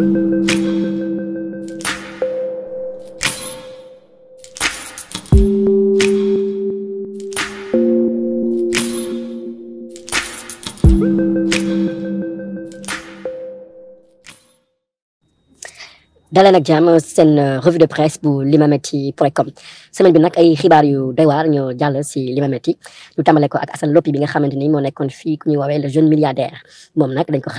Thank you. daleen ak jàmm seen euh, revue de presse bu limametti point com semaine bi nag ay xibaar yu doy waar ñoo jàll si limametti ñu tàmbale ak Assane Lopi bi nga xamante ni moo nekkoon fii ku ñuy woowee le jeune milliardaire moom nag dañ ko boo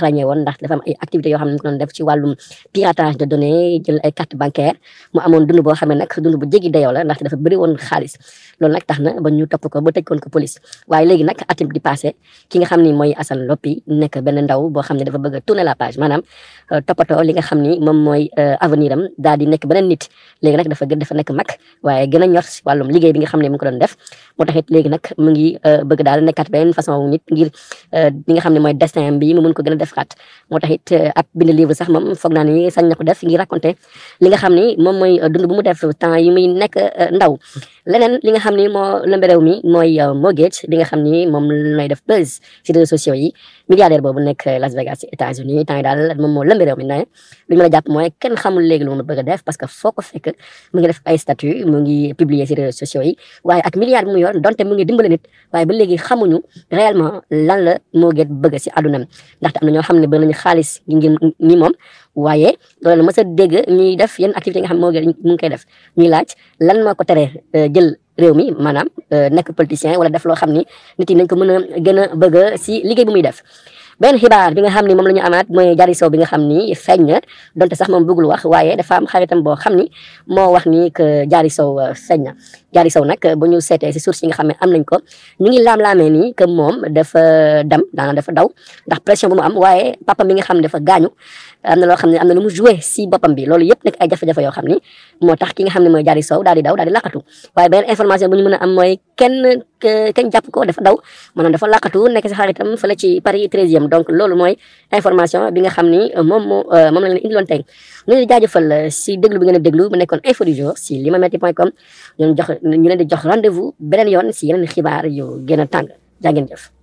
xam ne nag dund bu jéggi dayoo la ndaxte dafa na ba ñu topp ko ba ko police waaye léegi nag atim di passé xam ni mooy Assane Lopi nekk benn ndaw boo xam ne dafa bëgg a tourner la page maanaam euh, toppatoo li nga xam moom mooy euh, avenir am nekk beneen nit léegi nag dafa gën dafa nekk mag waaye gën a ñor si wàllum liggéey bi nga xam ne mu ngi ko doon def moo taxit léegi nag mu euh, euh, destin bi a euh, moom ni moom mooy dund bu mu def temps yi muy nekk ndaw li nga xam ni moo lëmbe réew mi mooy mortgage bi nga xam ni moom lay def buzz si réseaux sociaux yi milliardaire boobu nekk Las Vegas États-Unis temps yi daal moom moo lëmbe mi ne lu ñu mën a mooy kenn xam am leg lu bëgg def parce que foko fekk mu ngi def ay statut mu ngi publier ci réseaux sociaux yi waye ak milliard mu yor donte mu ngi dimbali nit waye ba legi xamuñu réellement lan la mo geet bëgg ci aduna ndax am na xamni bëgn ñu xaaliss ngi ngi ni mom waye loolu ma sa dégg ñi def yeen activité nga xam mo geet mu ngi koy def ñi laaj lan ma ko téré eh, jël réew mi manam eh, nek politicien wala def lo xamni nit yi nañ ko mëna gëna bëgg ci liggéey bu muy def benn xibaar bi nga xam ni moom la ñu amaat mooy Diary bi nga xam ni feeñ na sax moom bëggul wax waaye dafa am xaritam boo xam ni moo wax ni que Diary Sow euh, feeñ na Diary nag bu ñu seetee si source si nga xam ne am nañ ko ñu ngi laam-laamee ni que moom dafa euh, dem daana dafa daw ndax pression bu mu am waaye papa bi nga xam ne dafa gaañu am na loo xam ne am na lu mu joué si boppam bi loolu yëpp nag ay jafe-jafe yoo xam ni moo tax ki nga xam ne mooy Diary Sow daal di daw daal kenn jàpp ko dafa daw maanaam dafa laqatu nekk si xaritam fële ci par 13e donc loolu mooy information bi nga xam ni euh, moom moo euh, moom la leen indiloon tey ñu leen di jaajëfal euh, si déglu bi ngeen di déglu mu nekkoon info du jour si limametti point com ñu jox leen di jox rendez-vous beneen yoon si yeneen xibaar yu gën a tàng jaa ngeen